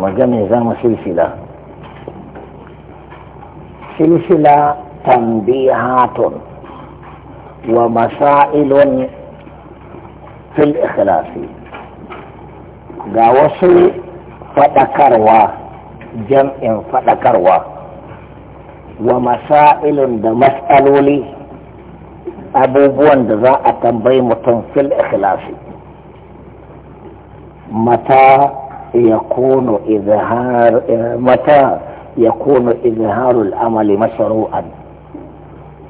magana za mu silsila silsila tambihatun wa masailun fil ikhlasi ga wasu faɗakarwa jam'in faɗakarwa wa masailun da matsaloli abubuwan da za a tambayi mutum fil ikhlasi mata يكون إظهار متى يكون amali الأمل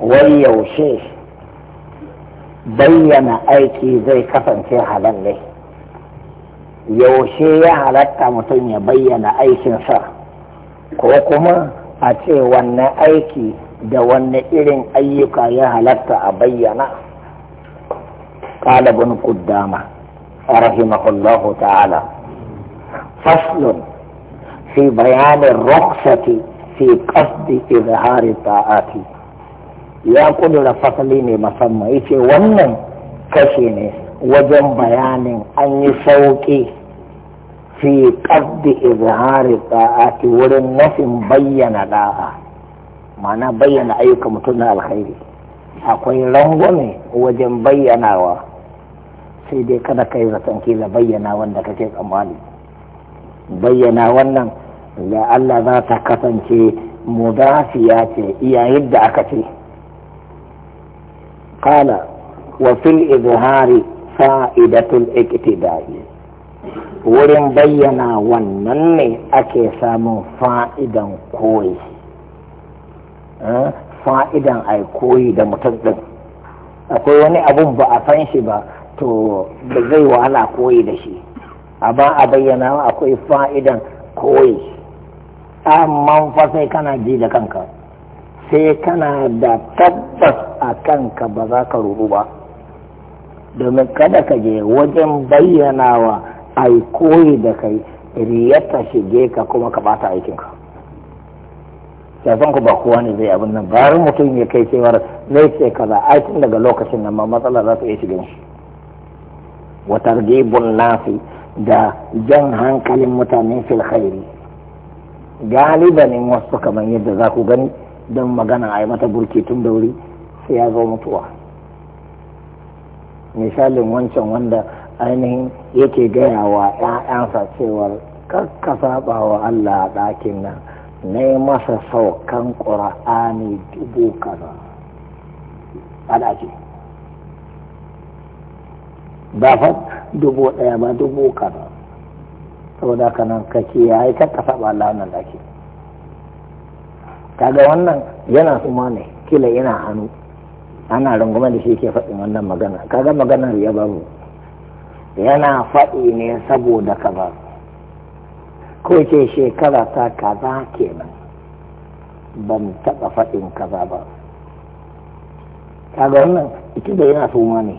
wai yaushe bayyana أيكي zai kasance في حلال yaushe ya halatta mutum ya bayyana aikin sa ko kuma a ce wanne aiki da wanne irin ayyuka ya halatta a bayyana ƙalibin kuddama rahimahullahu ta'ala faslun sai bayanin raksa ki sai kasde izaharin sa'ad ya kudura fasali ne masamai ce wannan kashe ne wajen bayanin an yi sauki sai kasde izaharin sa'ad wurin nafin bayyana da'a ma'ana bayyana ayyukan mutunin alkhairi akwai rangwame wajen bayyanawa sai dai ka na kai da tsankin da bayyana wanda kai kamar. bayyana wannan ya Allah za ta kasance mudafiya ce iya yadda aka ce kala wa fil izhari fa'idatul iktidai wurin bayyana wannan ne ake samun fa'idan koyi fa'idan ai koyi da mutum din, akwai wani abun ba a san shi ba to da zai wahala koyi da shi amma a bayyana akwai fa'idan koyi amma fa sai kana ji da kanka sai kana da tabbas a kanka ba za ka rubu ba domin kada ka je wajen bayyanawa a koyi da kai riyata shige ka kuma ka bata aikinka shafan ku ba kowa ne zai abin nan bayan mutum ya kai cewar zai ce kaza aikin daga lokacin nan ma matsala za ta iya shiga shi watar targibun nasi da jan hankalin mutane fil khairi galibanin wasu kamar yadda za ku gani don magana a yi mata burki tun da wuri sai ya zo mutuwa misalin wancan wanda ainihin yake gaya wa 'ya'yansa cewar kakka saba wa Allah a ɗakin nan na yi masa saukan ƙura'ani dubu kaza a ɗaki ba fa dubu ɗaya ba dubu kaza saboda haka nan kake ya yi ka saba Allah wannan ke kaga wannan yana suma ne kila yana hannu ana rungume da shi ke faɗin wannan magana kaga maganar ya babu yana faɗi ne saboda kaza ko ce shekara ta kaza kenan ban taɓa faɗin kaza ba kaga wannan ita da yana suma ne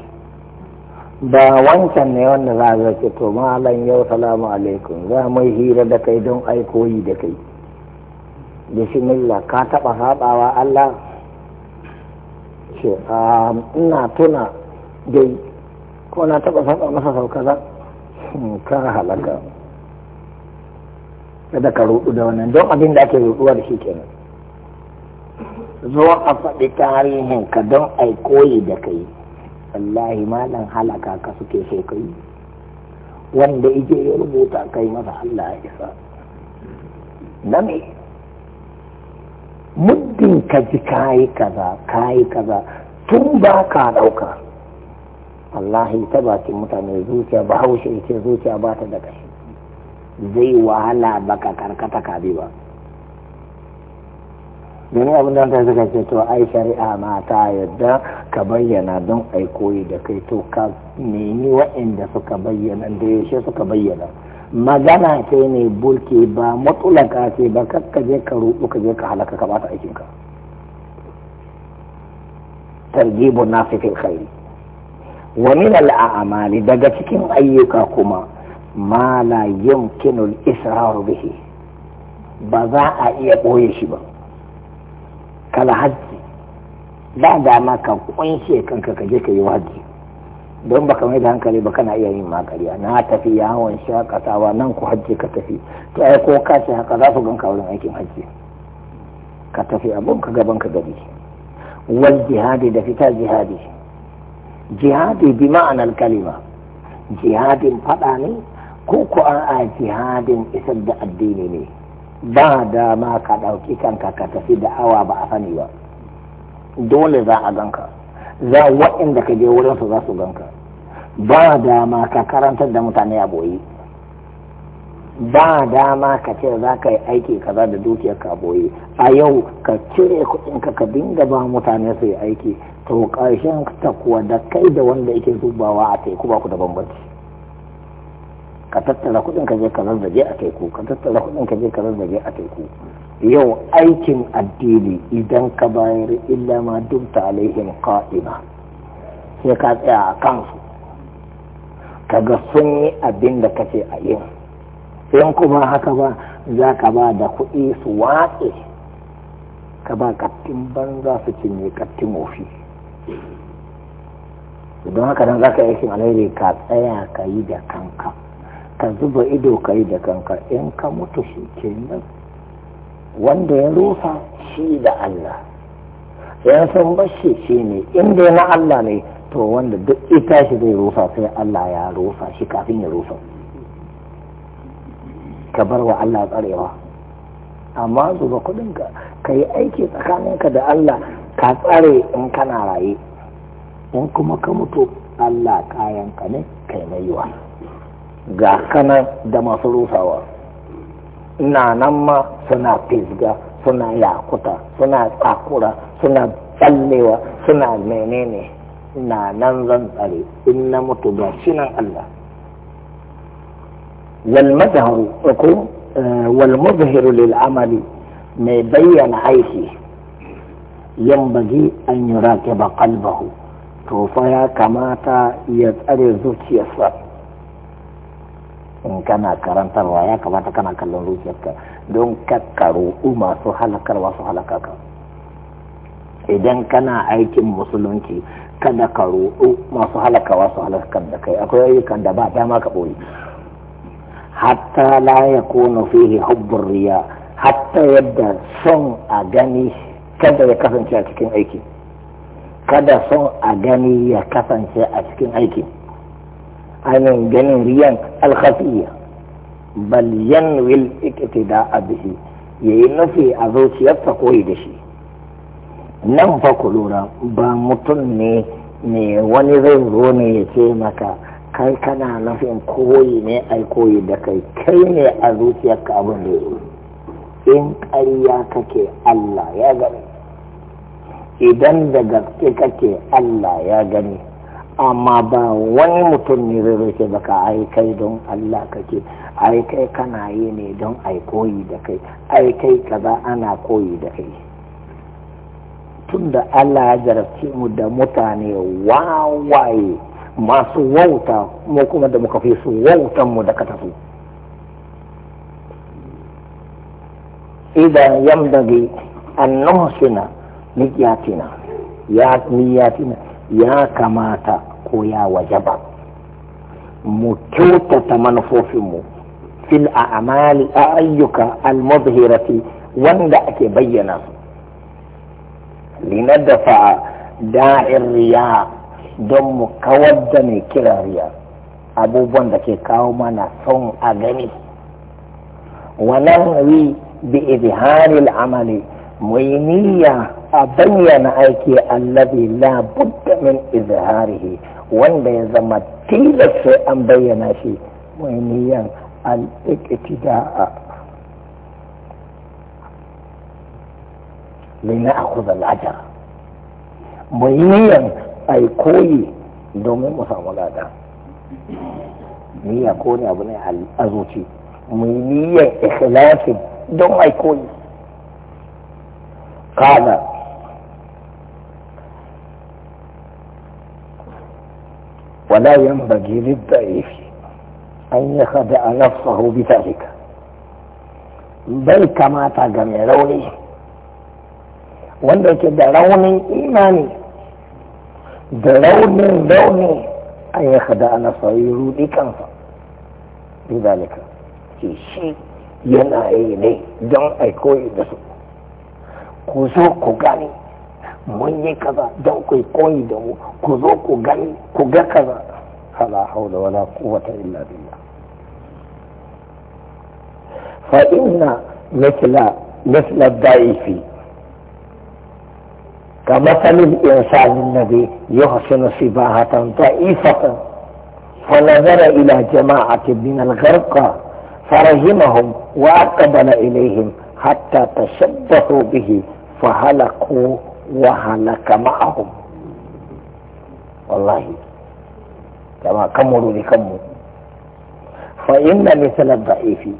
ba wancan ne wanda za a zarce to malam yau salamu alaikum za mu hira da kai don aikoyi da kai bismillah ka taba haɗawa Allah ce ina tuna dai ko na taba saba masa sau kaza hmm, ka halaka kada ka rudu da wannan don abin da ake rudu da shi kenan zo a faɗi tarihin ka don aikoyi da kai wallahi malam halaka ka suke so kai wanda ije ya rubuta kai masa Allah ya isa na me muddin ka ji kayi kaza kayi kaza tun ba ka ɗauka wallahi ta bakin mutane zuciya ba haushe ce zuciya ba ta da kashi zai wahala baka karkata -bi ba domin abin da ta suka ce to ai shari'a ma ta yadda ka bayyana don ai koyi da kai to ka nemi inda suka bayyana da yaushe suka bayyana magana ce ne burke ba matsulaka ce ba kakka je ka rubu ka je ka halaka ka bata aikinka tarjibun nasi fil khairi wa min al a'mali daga cikin ayyuka kuma ma la yumkinu al israru bihi ba za a iya boye shi ba kala hajji ba dama ka kunshe kanka ka je ka yi hajji don baka mai da hankali ba kana iya yin makari na tafi yawon shakatawa nan ku hajji ka tafi to ai ko ka ce haka za su ganka wurin aikin hajji ka tafi abun ka gaban ka gari wal jihadi da fita jihadi jihadi bi ma'anar kalima jihadin fada ne ko an a jihadin isar da addini ne ba dama ka ɗauki kanka ka tafi da awa ba a sani ba dole za a ganka za waɗanda ka je su za su ganka ba dama ka karantar da mutane a boye ba dama ka ce za ka yi aiki kaza da dukiyar ka boye a yau ka cire kuɗin ka dinga ba mutane su yi aiki to ƙarshen ta kuwa da kai da wanda yake zubawa a teku ba ku da bambanci ka tattara kuɗin ka je ka zazzage a teku ka tattara kuɗin ka je ka zazzage a teku yau aikin addini idan ka bayar illa ma dubta alaihim qa'ima sai ka tsaya a kansu kaga sun yi abin da kace a yin in kuma haka ba za ka ba da kuɗi su watse ka ba kattin banza su cinye kattin mofi don haka nan za ka yi aikin alheri ka tsaya ka yi da kanka ka zuba ido ka yi da kanka in ka mutu shi ke nan wanda ya rufa shi da Allah ya san bashi shi ne inda na Allah ne to wanda duk ita shi zai rufa sai Allah ya rufa shi kafin ya rufa ka bar wa Allah tsarewa amma zuba kudinka ka yi aiki tsakaninka da Allah ka tsare in kana raye in kuma ka mutu Allah kayanka ne kai maiwa. ga kana da masu rusawa ina nan ma suna fisga suna yakuta suna tsakura suna tsallewa suna menene na nan zan tsare in na mutu ga nan Allah والمظهر eh, Yan للعمل ما بين rake ينبغي أن يراقب قلبه ya kamata ya tsare zuciyarsa. in kana karantarwa ya kamata kana kallon zuciyarka don kakkaro masu halakarwa su halaka idan kana aikin musulunci kada ka roɗo masu halakawa su halakar da kai akwai ayyukan da ba dama ka ɓoye hatta la ya kona fihi hubbun riya hatta yadda son a gani kada ya kasance a cikin aiki kada son a gani ya kasance a cikin aiki ainihin ganin riyan alkhafiyya bal yanwi al-iqtida'a bihi yayi nufi a zuciyarsa koyi da shi nan fa ku lura ba mutum ne ne wani zai zo ne ya ce maka kai kana nufin koyi ne ai koyi da kai kai ne a zuciyarka abin da yi in ƙarya kake Allah ya gani idan da gaske kake Allah ya gani amma ba wani mutum ne zai zai ba ka aikai don Allah kake aikai kana yi ne don ai koyi da kai aikai ba ana koyi da kai tunda Allah ya jarabce mu da mutane wawaye masu wauta mu kuma da muka fi su wautan mu da katafu idan yamdagi an suna niyatina ya niyatina ya kamata ko ya wajaba mu kyautata manufofinmu fil a amali a ayyuka almubhirati wanda ake bayyana su dafa da'in riya don mu kawar da mai kirariya riya abubuwan da ke kawo mana son a gani wannan ri bi izharil amali mu yi niyya a bayyana aiki allazi la budda min izharihi wanda ya zama tilas an bayyana shi mai niyan al-iqtida'a lina akhudha al-ajr mai niyan ai koyi domin mu samu lada abu ne don ai koyi قال ولا ينبغي للضعيف أن يخدع نفسه بذلك بل كما تجمع روني وانك دروني إيماني دروني روني أن يخدع نفسه يرودي كنفا بذلك شيء ينعيني دون أي كوي دسو كوزو كوغاني منيه كذا دو كوي كوي دو كوزو كو غاني كذا فلا حول ولا قوة إلا بالله فإن مثل مثل الضعيف كمثل الإنسان الذي يحسن سباحة ضعيفة فنظر إلى جماعة من الغرق فرهمهم وأقبل إليهم حتى تشبهوا به فهلكوا wahalaka ma'ahum wallahi kama kamuru ne kanmu fa inna misalar da'ifi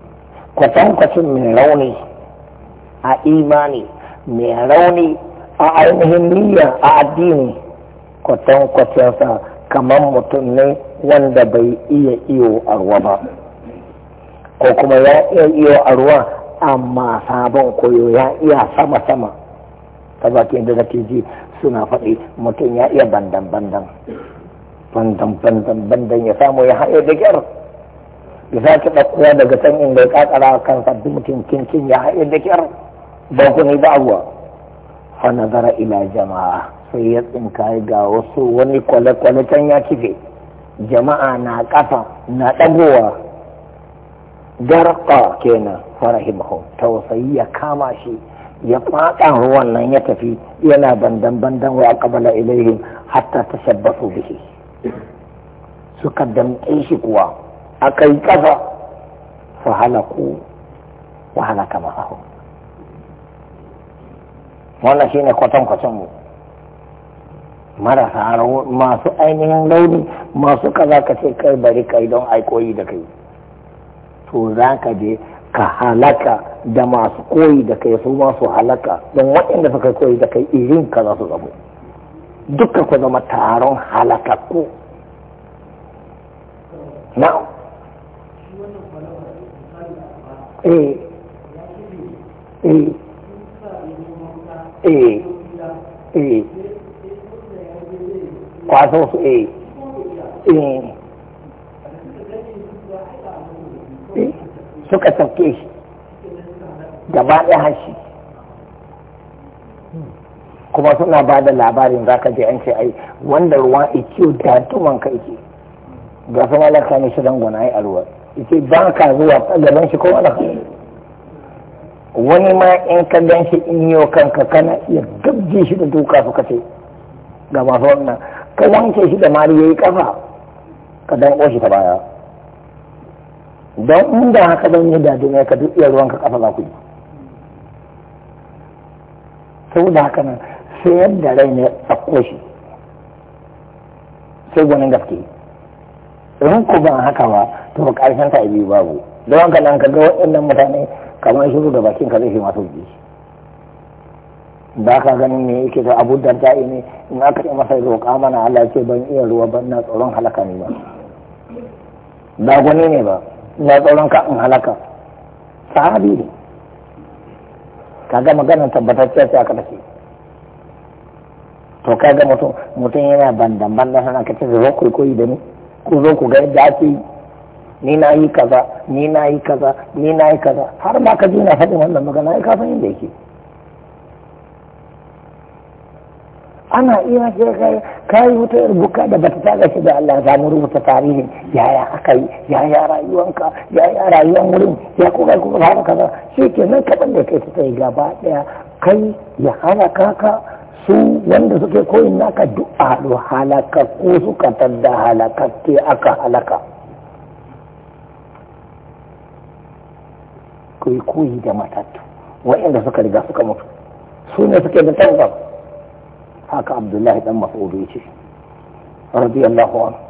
kwatankwacin mai rauni a imani mai rauni a ainihin niyya a addini kwatankwacinsa kamar mutum ne wanda bai iya iyo a ruwa ba ko kuma ya iya iyo a ruwa amma sabon koyo ya iya sama-sama ta bakin da zaki ji suna faɗi mutum ya iya bandan bandan bandan bandan bandan ya samu ya haɗe da kyar ya sake ɗaukuwa daga can inda ya kakara kan sabbin mutum kinkin ya haɗe da kyar ba ku ne ba abuwa fa nazara ila jama'a sai ya tsinka ga wasu wani kwale-kwale can ya kife jama'a na ƙafa na ɗagowa garƙa kenan farahimahum tausayi ya kama shi ya faɗa ruwan nan ya tafi yana bandan bandan wa aqbala ilaihim hatta ta tashabbasu bihi suka damƙe shi kuwa kai kafa fa halaku wa halaka ma'ahu wannan shine kwatan mu marasa masu ainihin launi masu kaza ka ce kai bari kai don aikoyi da kai to za ka je ka halaka da masu koyi da kai su masu halaka don waɗanda suka koyi da kai irin ka za su zamo duka ku zama taron halaka ko na eh. eh. eh. kwaso su suka sauke shi gaba ɗaya hashi kuma suna ba da labarin za ka je an ce ai wanda ruwa ikiyo da wanka ike ga su malaka ne shirin gwana a ruwa ike ba ka zuwa gaban shi ko malaka wani ma in ka gan shi in yi kanka kana iya gabje shi da duka suka ce ga masu wannan ka wanke shi da mari ya yi kafa ka dan shi ta baya don inda haka don yi dadi ne ka duk iya ruwan ka kafa za ku yi saboda haka nan sai yadda rai ne a shi sai gwanin gaske in ku ban haka ba to karshen ta biyu babu don haka nan ka ga waɗannan mutane kamar shi da bakin ka zai masu ji ba ka ganin me yake da abu da da'i ne in aka yi masa roƙa mana Allah ce ban iya ruwa ban na tsoron halaka ne ba ba gwani ne ba na tsoron ka in halaka sahabi ne Ka ga maganar tabbatacciya ce aka take to kaga mutum mutum yana bandan bandan sana ka ce zo ku koyi da ni ku zo ku ga yadda ake yi ni na yi kaza ni na yi kaza ni na yi kaza har ma ka ji na faɗin wannan magana ai ka san yadda yake ana iya sai kai wuta wata rubuka da bata taga shi da Allah za mu rubuta tarihin yaya aka yi yaya rayuwanka yaya rayuwan wurin ya kuka kuka fara kaza shi ke nan kaɗan da kai ta yi gaba ɗaya kai ya hana kaka su wanda suke koyin naka duk a haɗu halaka ko suka tadda ke aka halaka kai koyi da matattu wa'inda suka riga suka mutu su ne suke da tabbas haka abdullahi dan mas'ud ce radiyallahu anhu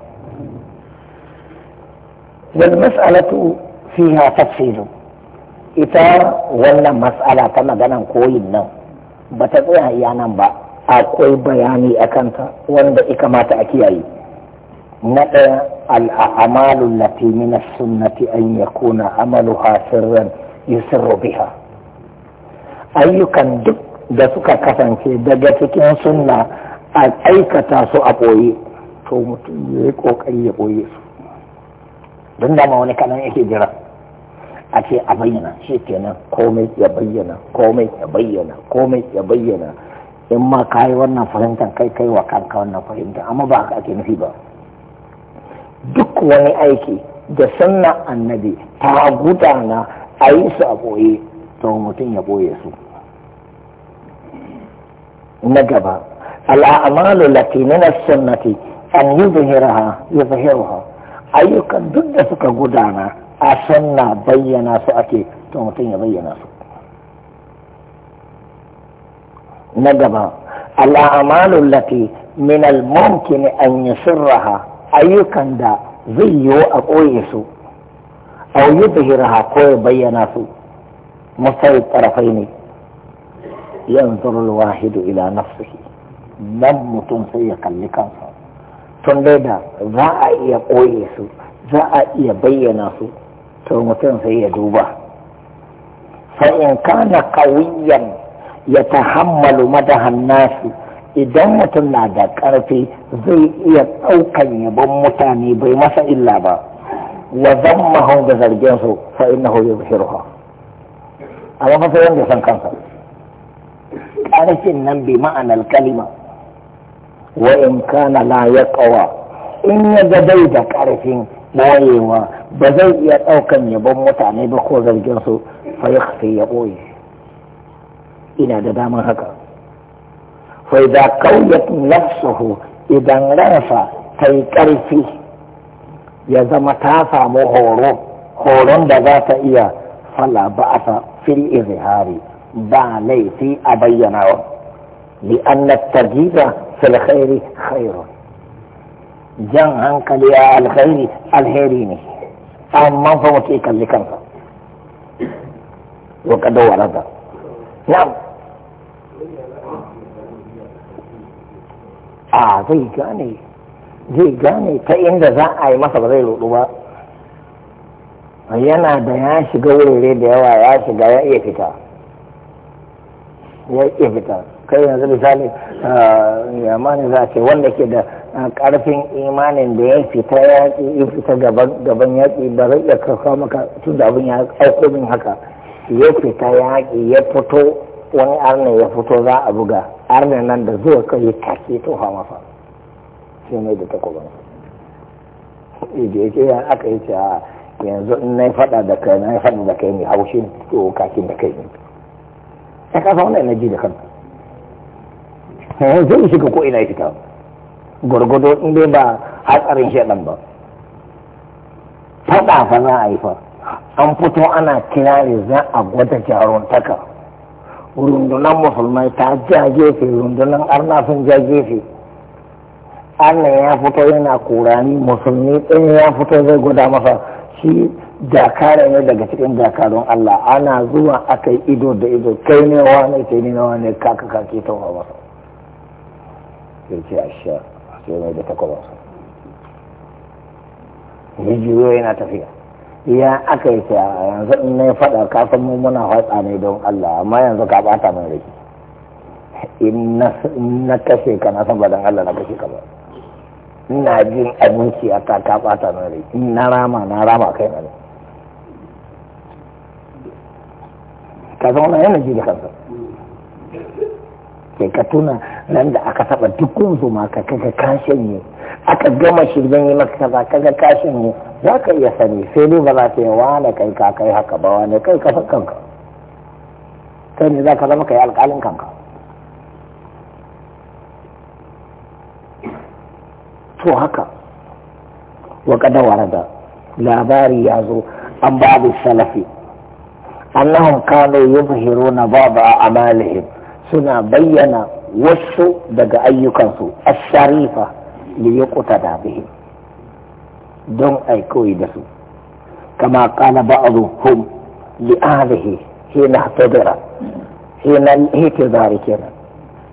wal mas'alatu fiha tafsilu ita wannan mas'ala ta maganan koyin nan ba ta tsaya iya nan ba akwai bayani a kanta wanda ikamata mata a kiyaye na ɗaya amalu lati min sunnati an yakuna amaluha sirran yusirru biha ayyukan duk da suka kasance daga cikin sunna a aikata su a ɓoye to mutum ya yi ƙoƙari ya ɓoye su don dama wani kanan yake jira a ce a bayyana shi kenan komai ya bayyana komai ya bayyana komai ya bayyana in ma ka yi wannan fahimtar kai kai wa kanka wannan fahimtar amma ba ka ake nufi ba duk wani aiki da sunna annabi ta gudana a yi su a ɓoye to mutum ya ɓoye su na gaba al'amalu latinin sunnati an yi zuhiraha ya zuhiraha ayyukan duk da suka gudana a sunna bayyana su ake to mutum ya bayyana su na gaba al'amalu lati min al-mumkin an yusraha ayyukan da zai yi a ƙoye su a yi zuhiraha ko ya bayyana su musayi tarafai ne yanzuru wahidu ila nafsihi nan mutum sai ya kalli kansa tun dai da za a iya koye su za a iya bayyana su to mutum sai ya duba kana in ya qawiyan yatahammalu madahan nasi idan mutum na da ƙarfi zai iya ɗaukan yabon mutane bai masa illa ba wa zammahun da zargin su fa innahu yuzhiruha amma fa sai wanda san kansa harshen nan bi ma'anar kalima wa in kana la yaqwa in ya ga dai da karfin boyewa ba zai iya ɗaukan yabon mutane ba ko zargin su fa yakhfi ya boye ina da daman haka fa idza qawiyat nafsuhu idan rafa tai karfi ya zama ta samu horo horon da za ta iya fala ba'asa fil izhari ba laifi a bayyanawa li anna tarjiba fil khairi khairun jan hankali a alkhairi alheri ne amma fa mutum kalli kansa wa kada warada na'am a zai gane zai gane ta inda za a yi masa ba zai rudu ba yana da ya shiga wurare da yawa ya shiga ya iya fita ya ke fita kai yanzu misali yamani za ce wanda ke da karfin imanin da ya fita yaƙi ya fita gaban yaƙi ba zai iya kafa maka tun da abin ya aiko min haka ya fita yaƙi ya fito wani arna ya fito za a buga arna nan da zuwa kai ya take tofa masa sai mai da takuban da yake ya aka yi ce yanzu in na fada da kai na fada da kai ne haushin to kakin da kai ne ta kasa wannan na ji da kanta eh, zai shiga ko ina fita gwargwado in dai ba hatsarin shaɗan ba faɗa fa za a yi fa an fito ana kirare za a gwada jaruntaka rundunan musulmai ta ja gefe rundunar arna allah ya fito yana kurani musulmi ɗin ya fito zai gwada masa shi dakara ne daga cikin dakarun Allah ana zuwa akai ido da ido kai ne wane kai ne wane kaka kake ta wa masa sai ce a sha sai mai da takwa ya juyo yana tafiya ya aka yi sai a yanzu in na faɗa ka san mu muna hatsa ne don Allah amma yanzu ka bata mai rai in na kashe ka na san ba don Allah na kashe ka ba ina jin abinci a ka ka bata mai rai in na rama na rama kai na rai ka san wannan yana ji da kansa sai ka tuna nan da aka taba dukkan su ma ka kaga kashin ne aka gama shirgan yi maka kaza kaga kashin ne za ka iya sani sai ne ba za ta yi wane kai ka kai haka ba wane kai ka san kanka kai ne za ka zama kai alƙalin kanka to haka wa kada warada labari ya zo an ba babu salafi annahum kanu yuzhiruna ba'd a'malihim suna bayyana wasu daga ayyukansu as-sharifa li yuqtada bihim don ai koyi da su kama qala ba'dhum li ahlihi hina tadara hina hitizari zarike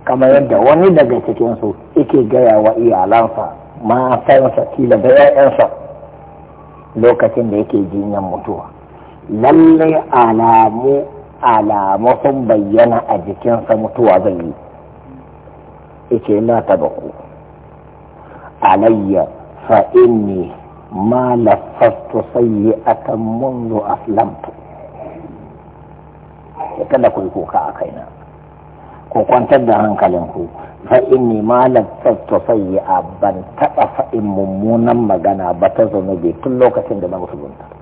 kama yadda wani daga cikin su yake gaya wa iyalansa ma fansa kila da 'ya'yansa lokacin da yake jinyan mutuwa Lallai alamu alamu sun bayyana a jikinsa mutuwa zai yi ike na tabaku alayya fa inni ma lafastu sayyi'atan منذ aslamtu kada ku yi kuka a kaina ku kwantar da hankalinku fa inni ma lafastu sayyi'a ban taɓa fa'in mummunan magana ba ta zunubi tun lokacin da na musulunta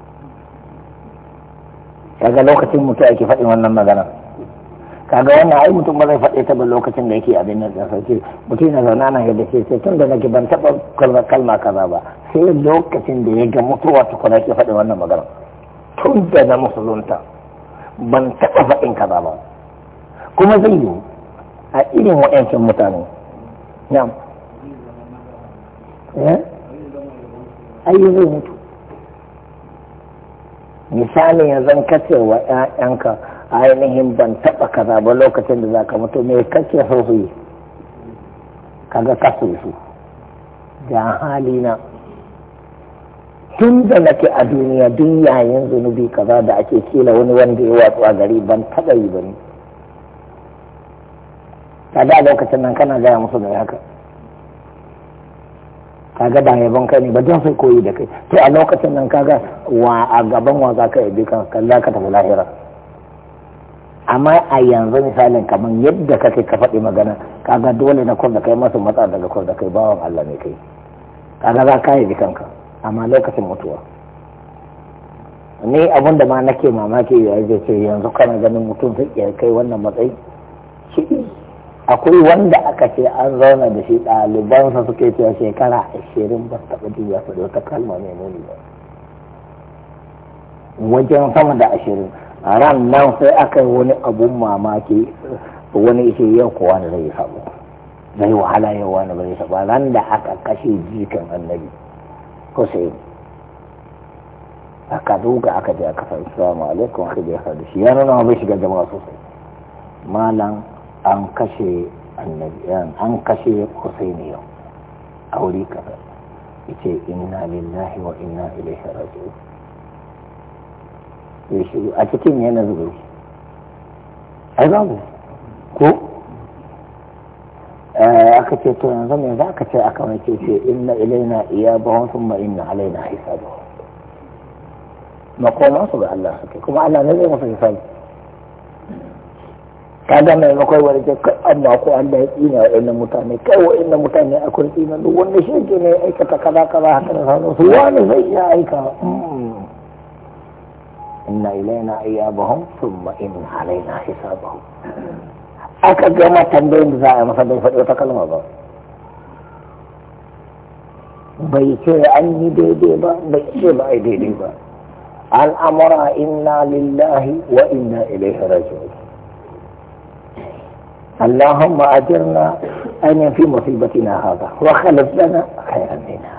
kaga lokacin mutu ake faɗi wannan magana kaga wannan ai mutum ba zai faɗe ta ba lokacin da yake abin nan da sauke mutum na zauna nan yadda ce sai tun da nake ban taɓa kalma kalma kaza ba sai lokacin da ya ga mutuwa tukuna ke faɗi wannan magana tun da na musulunta ban taɓa faɗin kaza ba kuma zai yi a irin wa'yancin mutane na'am eh? ayyukan mutu misali yanzu ka ce wa ƴaƴanka ainihin ban taɓa kaza ba lokacin da za ka mutu me kake so su yi kaga kasu su ga halina tun da nake a duniya duk yayin zunubi kaza da ake kila wani wanda ya watsu a gari ban taɓa yi ba ne da lokacin nan kana gaya musu da haka kaga ba yabon kai ne ba don sai koyi da kai to a lokacin nan kaga wa a gaban wa za ka yabe kan kalla ka tafi lahira amma a yanzu misalin kamar yadda kake ka faɗi magana kaga dole na kur da kai masu matsa daga kur da kai bawan Allah ne kai kaga za ka yabi kanka amma lokacin mutuwa ni abin da ma nake mamaki ya ce yanzu kana ganin mutum sai ya kai wannan matsayi akwai wanda aka ce an zauna da shi ɗalibansa suke cewa shekara ashirin ba su taɓa ya su wata kalma mai muni ba wajen sama da ashirin a ran nan sai aka yi wani abun mamaki wani ishe yau kowa da zai samu zai wahala yau wani zai samu ran da aka kashe jikan annabi sai aka duka aka je aka sa salamu alaikum wa da shi ya nuna bai shiga jama'a sosai malam an kashe an kashe husaini yau a wuri kaza yace inna lillahi wa inna ilaihi raji'un ya shiru a cikin yana zuwa ai babu ko eh, aka ce to yanzu me za ka ce aka mace ce inna ilaina iyabahum thumma inna alaina hisabu su ga Allah suke kuma Allah ne zai masa hisabi kaga maimakon wani ke Allah ko Allah ya tsina wa'annan mutane kai wa wa'annan mutane akwai tsina duk wanda shi ke ne aikata kaza kaza haka da sauran su wani zai iya aika inna ilaina iyabahum thumma in alaina hisabahum aka gama tambayin da za a masa bai faɗi wata kalma ba bai ce an yi daidai ba bai ce ba ai daidai ba al'amura inna lillahi wa inna ilaihi raji'un اللهم أجرنا أن في مصيبتنا هذا وخلف لنا خيرا منها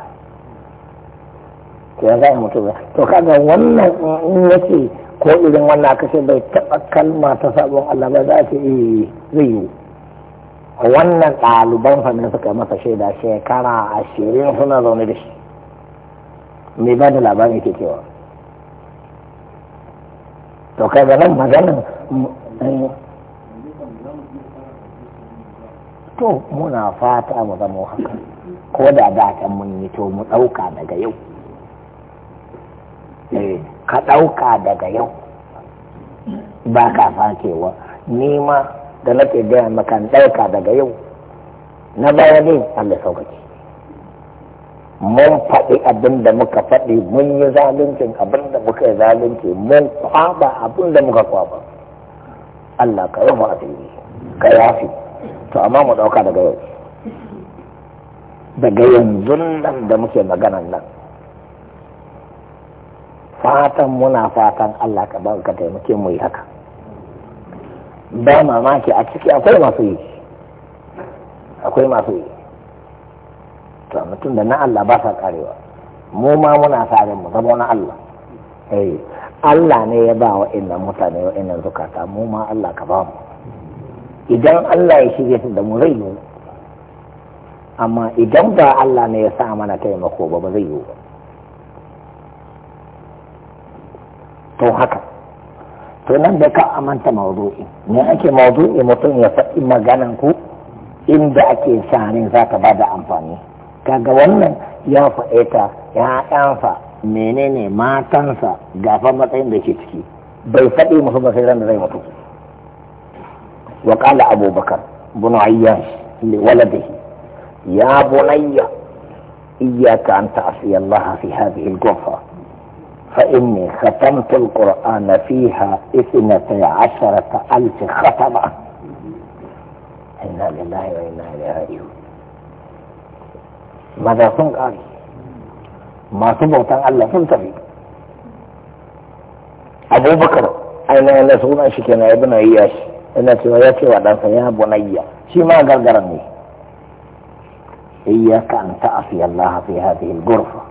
ya za mutu to kaga wannan in yake ko irin wannan aka ce bai taɓa kalma ta sabon Allah ba za a ce zai yi wannan ɗaliban sannan suka masa shaida shekara ashirin suna zaune da shi mai ba da labarin ke cewa to kaga nan maganin to muna fata mu zama haka ko da da ta mun yi to mu ɗauka daga yau eh, ka ɗauka daga yau ba ka fakewa ni da nake gaya maka ɗauka daga yau na baya ne Allah sauƙaƙe mun faɗi abin da muka faɗi mun yi zaluncin abin da muka yi zalunci mun kwaba abin da muka kwaba Allah ka rufa a ka yafi to amma mu dauka daga yau daga yanzu nan da muke maganan nan fatan muna fatan Allah ka ba ka taimake mu yi haka ba mamaki a ciki akwai masu yi akwai masu yi to mutum da na Allah ba sa karewa mu ma muna sa mu zama na Allah eh, Allah ne ya ba wa innan mutane wa inna zukata mu ma Allah ka ba mu idan Allah ya shirya su da mu zai yi amma idan ba Allah ne ya sa mana taimako ba ba zai yi ba to haka to nan da ka amanta mawdu'i ne ake mawdu'i mutum ya faɗi maganan ku inda ake sanin za ka ba da amfani kaga wannan ya faɗe ta ‘ya'yansa menene matansa gafa matsayin da ke ciki bai faɗi musu ba sai da zai mutu وقال أبو بكر بن عياش لولده يا بني إياك أن تعصي الله في هذه الغرفة فإني ختمت القرآن فيها اثنتي عشرة ألف ختمة إنا لله وإنا إليه راجعون ماذا سن قال ما أن الله سن في أبو بكر أين أنا سونا شكنا ابن إياش yana cewa ya ce wa ɗansa ya bunayya shi ma gargaran ne iyyaka an ta'asi Allah fi hadhihi al-ghurfa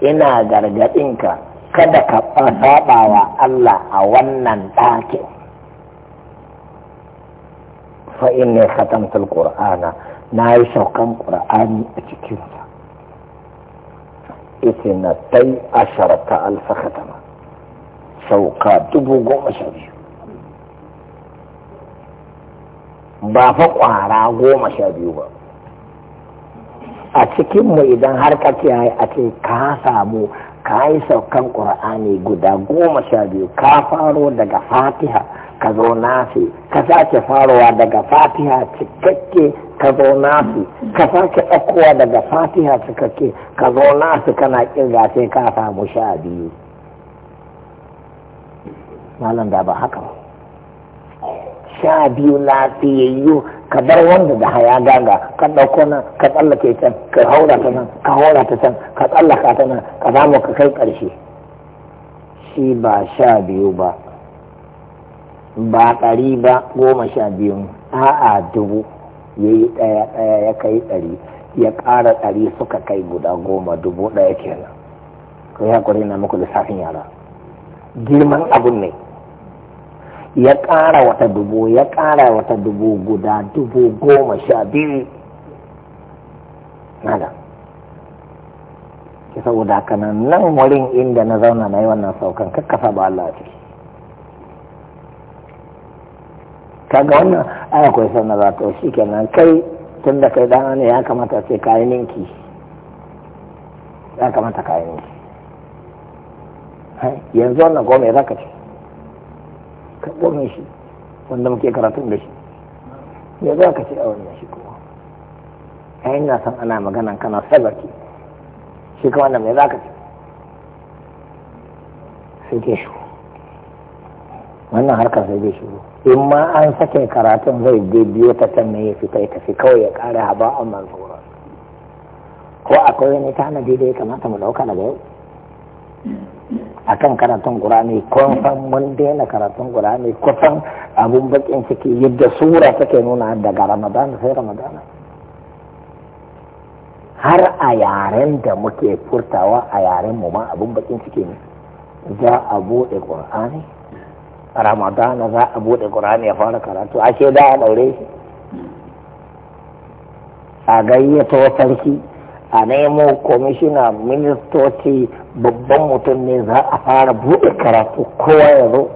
ina gargadinka kada ka saba wa Allah a wannan ɗakin fa inni khatamtu al-qur'ana na yi saukan qur'ani a cikin sa ta'i tay ta alfa khatama sauka dubu goma sha biyu ba fa ƙwara goma sha biyu ba a cikinmu idan har ka ce a ce ka samu ka yi saukan ƙur'ani guda goma sha biyu ka faro daga fatiha ka zo nafi ka sake farowa daga fatiha cikakke ka zo nafi ka sake ɗaukowa daga fatiha cikakke ka zo nafi kana ƙirga sai ka samu sha biyu malam da ba haka ba sha biyu lafiyayyu ka bar wanda da haya gaga ka ɗauko nan ka tsallake can ka haura ta nan ka haura ta can ka tsallaka ta nan ka samu ka kai ƙarshe shi ba sha biyu ba ba ɗari ba goma sha biyu a'a dubu ya yi ɗaya ɗaya ya kai ɗari ya ƙara ɗari suka kai guda goma dubu ɗaya kenan ko ya na muku lissafin yara girman abun ne ya ƙara wata dubu ya ƙara wata dubu guda dubu goma sha biyu nada ki saboda haka nan nan wurin inda na zauna na yi wannan saukan kakkasa ba Allah ce kaga wannan aya akwai sannan za ta shi kenan kai tun da kai dana ne ya kamata ce kayan ninki ya kamata kayan ninki yanzu wannan goma ya zaka ce kome shi wanda muke karatun da shi ya za ka ce a wannan shi kuma yayin na san ana maganan kana sabaki shi kuma wannan mai za ka ce sai ke shi wannan harkar sai ke shigo in ma an sake karatun zai je biyo ta can ne ya fita ya tafi kawai ya kare haba a man ko akwai wani tanadi da ya kamata mu dauka daga yau a kan karatun ƙurani kwanfan mun daina karatun gur'ani kusan abun bakin ciki yadda sura take nuna daga ramadana sai ramadana har a yaren da muke furtawa a yaren mu ma abun bakin ciki ne za a buɗe ƙur'ani ramadana za a buɗe ƙur'ani ya fara karatu ashe da a ɗaure shi a gayyato sarki a nemo kwamishina ministoci babban mutum ne za a fara buɗe karatu kowa ya zo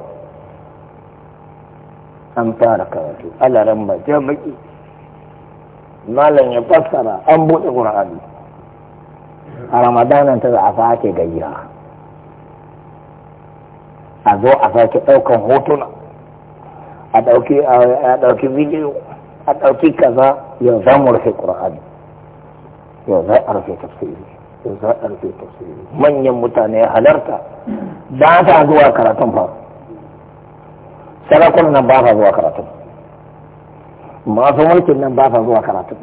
an fara karatu alaran ba jami'i malam ya fassara an buɗe ƙur'ani a ramadanan ta za a sake gayyara a zo a sake ɗaukan hotuna a ɗauki bidiyo a ɗauki kaza ya zamu rufe ƙur'ani ya za a rufe tafsiri ya za a rufe tafsiri manyan mutane halarta ba ta zuwa karatun fa sarakun nan ba ta zuwa karatun masu mulkin nan ba ta zuwa karatun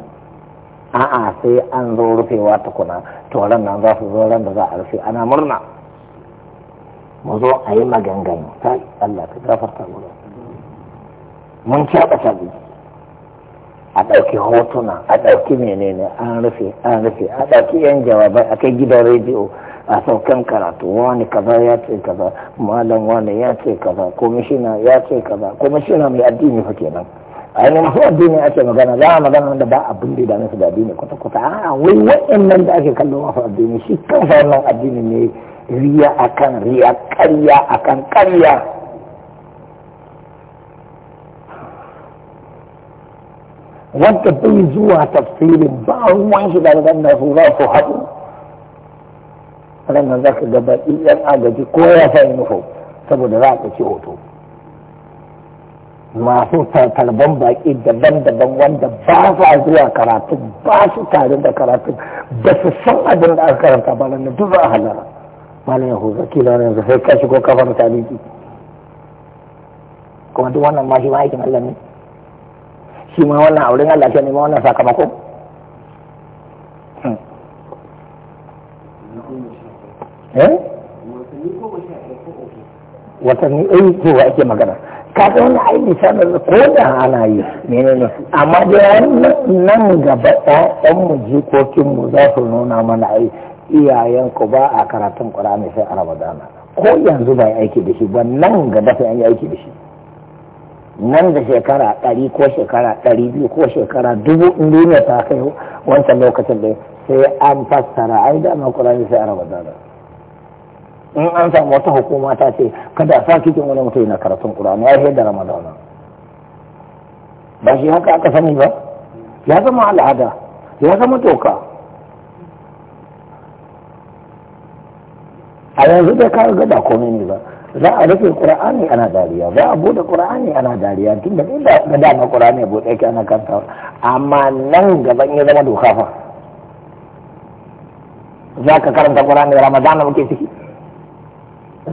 a'a sai an zo rufewa tukuna to ran nan za su zo ran da za a rufe ana murna mu zo a yi maganganu ta Allah ka gafarta mu mun kyaɓa sabi a ɗauki hotuna a ɗauki menene an rufe an rufe a ɗauki yan jawabai a kai gidan rediyo a saukan karatu wani kaza ya ce kaza malam wani ya ce kaza komishina ya ce kaza komishina mai addini fa kenan ainihin masu addini ake magana za a magana da ba abin da idanun su da addini kwata-kwata a wai waɗannan da ake kallon masu addini shi kan wannan addini ne riya akan riya karya akan karya wanda bai zuwa tafsirin ba ruwan shi da ranar su za su haɗu ranar za ka gaba ɗan agaji ko ya sa nufo saboda za ka ci hoto masu tarban baƙi daban-daban wanda ba sa zuwa karatu ba su tare da karatu ba su san abin da aka karanta ba nan duk za a halara malam yahuza kila yanzu sai ka shigo kafar tarihi kuma duk wannan ma shi ma aikin Allah ne shi ma wannan auren Allah ke nema wannan sakamako hmm. eh? watanni ɗaya eh, wa ake magana kaga wani ai misalin ko da ana yi menene amma da nan gaba ɗayan mu jikokin mu za su nuna mana ai iyayen ku ba a karatun ƙur'ani sai a ramadana ko yanzu ba aiki da shi ba nan gaba sai an yi aiki da shi nan da shekara ɗari ko shekara ɗari biyu ko shekara dubu duniya ta kai wancan lokacin da sai an fassara ai da ma kurani sai a raba zara in an samu wata hukuma ta ce kada a sa cikin wani mutum na karatun kurani ai da ramadana ba shi haka aka sani ba ya zama al'ada ya zama toka a yanzu da ka ga da komai ne ba za a rufe ƙura'ani ana dariya za a bude ƙura'ani ana dariya tun da inda ga dama ƙura'ani ya bude yake ana kanta amma nan gaban ya zama doka fa za ka karanta ƙura'ani ramadana muke ciki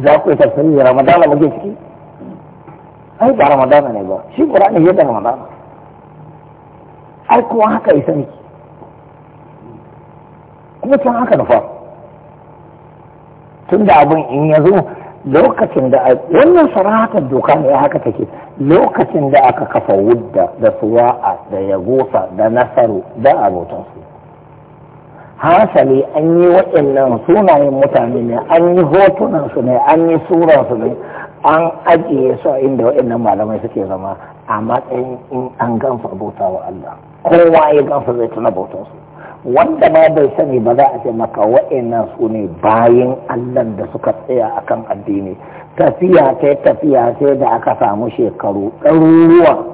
za ku yi tafsiri ramadana muke ciki ai ba ramadana ne ba shi ƙura'ani ya da ramadana ai kuma haka isa ne kuma can haka nufa tun da abin in ya zo lokacin da wannan sarahatar doka ne haka take lokacin da aka kafa wudda da suwa'a da yagosa da nasaru da su hasali an yi waɗannan sunayen mutane ne an yi hotunansu ne an yi suransu ne an ajiye su a inda waɗannan malamai suke zama a matsayin in an gamsa bauta wa Allah kowa ya gamsa zai tuna bautansu wanda ma bai sani ba za a ce maka wa'annan su ne bayan allah da suka tsaya akan addini tafiya ta tafiya sai da aka samu shekaru ɗaruruwa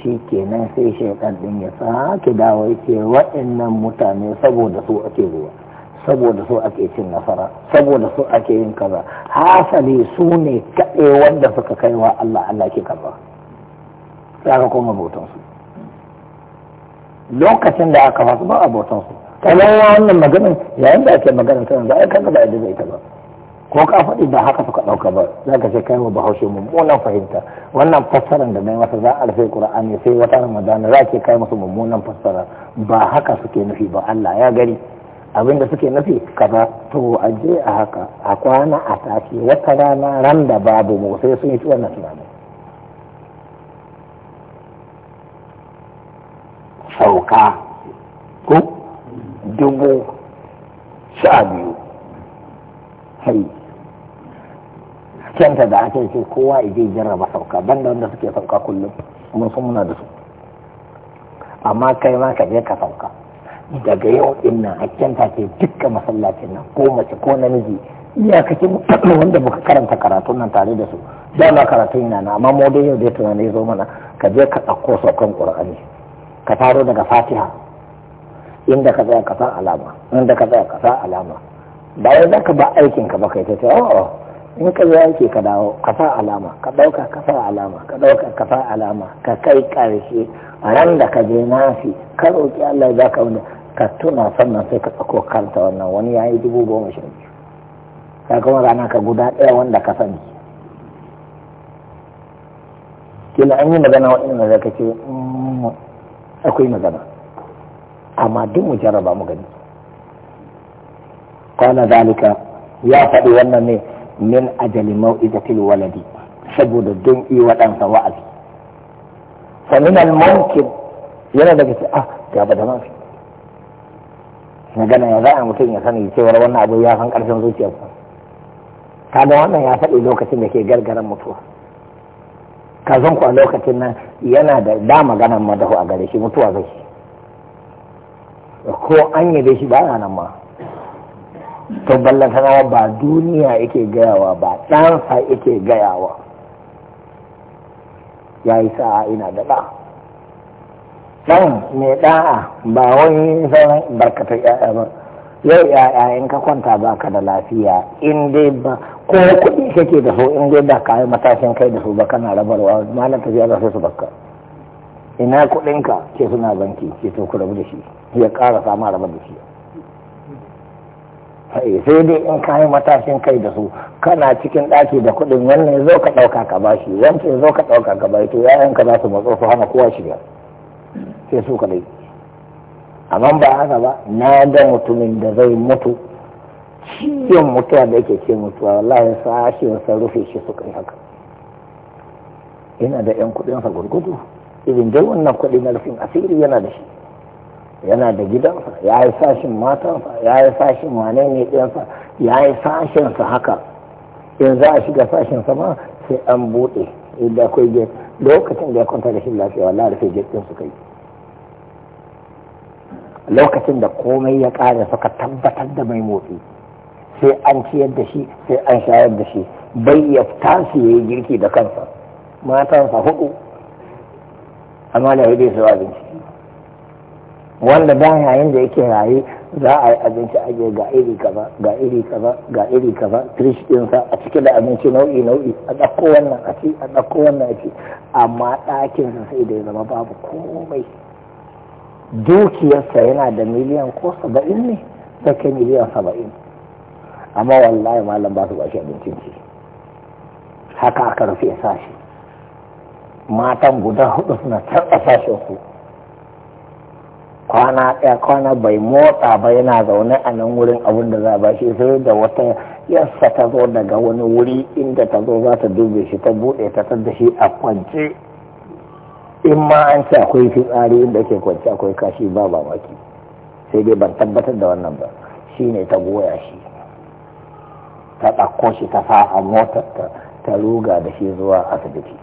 shi kenan sai shekar ɗin ya sake dawo ce wa'annan mutane saboda su ake ruwa saboda su ake cin nasara saboda su ake yin kaza hasali su ne kaɗai wanda suka kai wa allah allah ke kaza za ka koma bautansu lokacin da aka fasu ba a bautan su kamar wannan maganin yayin da ake ta sanin za a kan da ajiye ita ba ko ka faɗi ba haka suka ɗauka ba za ka ce kai mu bahaushe mummunan fahimta wannan fassarar da mai masa za a rufe qur'ani sai wata ramadana za ke kai musu mummunan fassara ba haka suke nufi ba Allah ya gani abin da suke nufi kaza to a je a haka a kwana a tashi wata rana ran da babu mu sai sun yi wannan tunanin sauka ko dubu sha biyu hai kyanta da ake ce kowa ije jarraba sauka banda wanda suke sauka kullum mun sun muna da su amma kai ma ka je ka sauka daga yau din nan kenta ce dukkan masallacin nan ko mace ko namiji iyakacin wanda muka karanta karatu nan tare da su dama karatu yana na amma mu yau dai tunani zo mana ka je ka ɗauko saukan ƙur'ani ka faro daga fatiha inda ka tsaya ka sa alama inda ka tsaya ka sa alama ba wai za ka ba aikin ka ba kai ta ce oh in ka zo aiki ka dawo ka sa alama ka ɗauka ka sa alama ka ɗauka ka sa alama ka kai ƙarshe a ran da ka je nafi ka roki Allah za ka wani ka tuna sannan sai ka tsako kanta wannan wani ya yi dubu goma sha biyu ka kuma rana ka guda ɗaya wanda ka sani kila an yi magana wa'in da zaka ce mm, akwai magana amma duk mu jarraba mu gani kana zalika ya faɗi wannan ne min ajali mau'izatil waladi saboda don yi waɗansa wa'azi fa min al mumkin yana daga ce ah ga ba da mafi magana ya za a mutum ya sani cewa wannan abu ya san ƙarshen zuciyarsa da wannan ya faɗi lokacin da ke gargaran mutuwa Ka zan ku a lokacin nan yana da da maganan madahu a gare shi mutuwa zai ko an yi shi ba nan ma to ballantanawa ba duniya yake gayawa ba ɗansa yake gayawa ya yi sa'a ina da ɗa ɗan mai ɗa'a ba wani sauran barkatar 'ya'ya ba yau ya'ya in ka kwanta ba ka da lafiya in dai ba ko kuɗi kake da su in dai ba ka yi matashin kai da su ba kana rabarwa malam tafiya za su baka ina kuɗinka ke suna banki ke to ku rabu da shi ya ƙara sama rabar da shi sai dai in ka yi matashin kai da su kana cikin ɗaki da kuɗin wannan zo ka ɗauka ka bashi wancan zo ka ɗauka ka bashi to ka za su matso su hana kowa shiga sai su kaɗai amma ba haka ba na ga mutumin da zai mutu ciyon mutuwa da yake ce mutuwa wallahi sashi wasa rufe shi suka yi haka yana da yan kuɗinsa gurgudu irin dai wannan kuɗi na rufin asiri yana da shi yana da gidansa ya yi sashin matansa ya yi sashin wane ne ɗinsa ya yi sa haka in za a shiga sa ma sai an buɗe inda akwai lokacin da ya kwanta da shi lafiya wallahi rufe gate su kai lokacin da komai ya ƙara suka tabbatar da mai motsi sai an ciyar da shi sai an shayar da shi bai ya tasi ya yi girki da kansa matansa hudu amma da hidai su abinci wanda da yayin da yake raye za a yi abinci a ga iri kaza ga iri kaza ga iri kaza trish dinsa a cike da abinci nau'i nau'i a ɗauko wannan a ci a ɗauko wannan a ci amma ɗakinsa sai da ya zama babu komai dukiyarsa yana da miliyan ko saba'in ne sai kai miliyan saba'in amma wallahi malam ba su ba shi abincin ci haka aka rufe sashi matan guda hudu suna tarɓa sashen ku. kwana ɗaya kwana bai motsa ba yana zaune a nan wurin abin da za a bashi sai da wata yarsa ta zo daga wani wuri inda ta zo za ta dube shi ta buɗe ta tadda shi a kwance in ma an ce akwai fitsari inda ke kwanci akwai kashi ba ba maki sai dai ban tabbatar da wannan ba shi ne ta goya shi ta ɗauko shi ta fa'a mota ta ruga da shi zuwa asibiti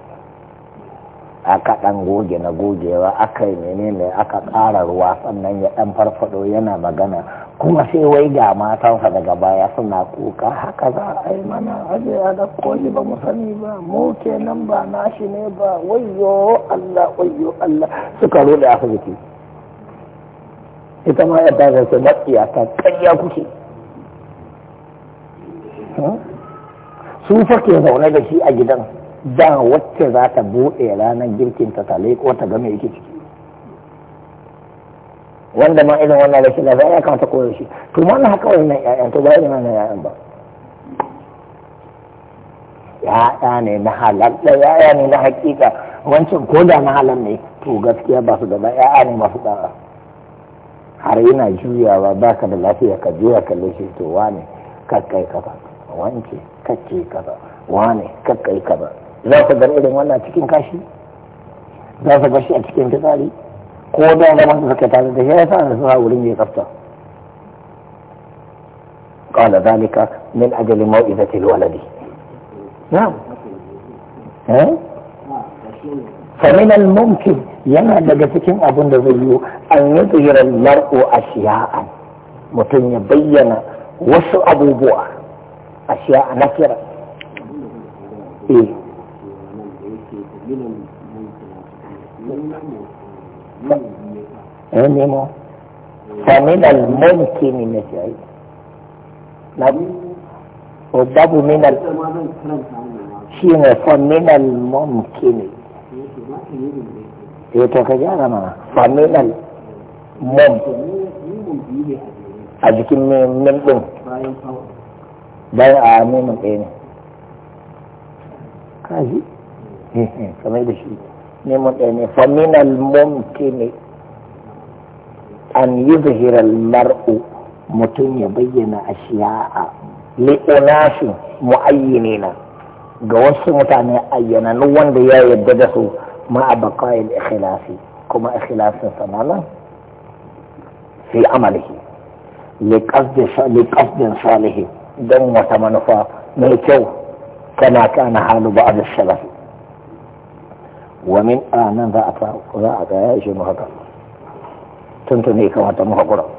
a kaɗan goge na gogewa aka yi menene aka ƙara ruwa sannan ya ɗan farfaɗo yana magana kuma sai wai ga matansa daga baya suna kuka haka za a yi mana aje a da koli ba mu sani ba mu kenan ba nashi ne ba wayo Allah wayo Allah suka rode a fuzuki ita ma yadda zai su matsiya ta ƙarya kuke hmm? su fake zaune da shi a gidan da wacce za ta buɗe ranar girkin ta leƙo ko ta game yake ciki wanda ma irin wannan rashin lafiya ya kamata koyo shi to ma na haka wani ƴaƴan to ba irin wannan ƴaƴan ba ya'ya ne na halal da ya'ya ne na hakika wancan ko da na halal ne to gaskiya ba su gaba ya'ya ne masu da har yana juyawa ba ka da lafiya ka juya ka shi to wane kakkai kaza wance kacce kaza wane kakkai kaza za ka ga irin wannan cikin kashi za ka ga shi a cikin fitsari قال ذلك من اجل موئده الولد نعم ها فمن الممكن يما دغتكم ابون ده ان يظهر المرء اشياء متن يبين وش ابو بوا اشياء نكره ايه ẹ nímọ fàmínà mọ́nìkì ni mi jẹ́ yìí nàbí ọ̀dàbù mínà kí ni fàmínà mọ́nìkì ni yìí tọ́ka jẹ́ àgbà máa fàmínà mọ́n àjùkí mi mi ń gbọ́n báyìí àá mímọ̀ kéènì káyìí fàmínà فمن الممكن أن يظهر المرء متن يبين أشياء لأناس معينين جوس متن أينا نوان ديا يددس مع بقاء الإخلاف كما إخلاف سنانا في عمله لقصد لقصد صالح دم وتمنفى ميتو كما كان حال بعض السلف wa min anan za a za a ga ya ishe mu haka tuntune kamata mu hakura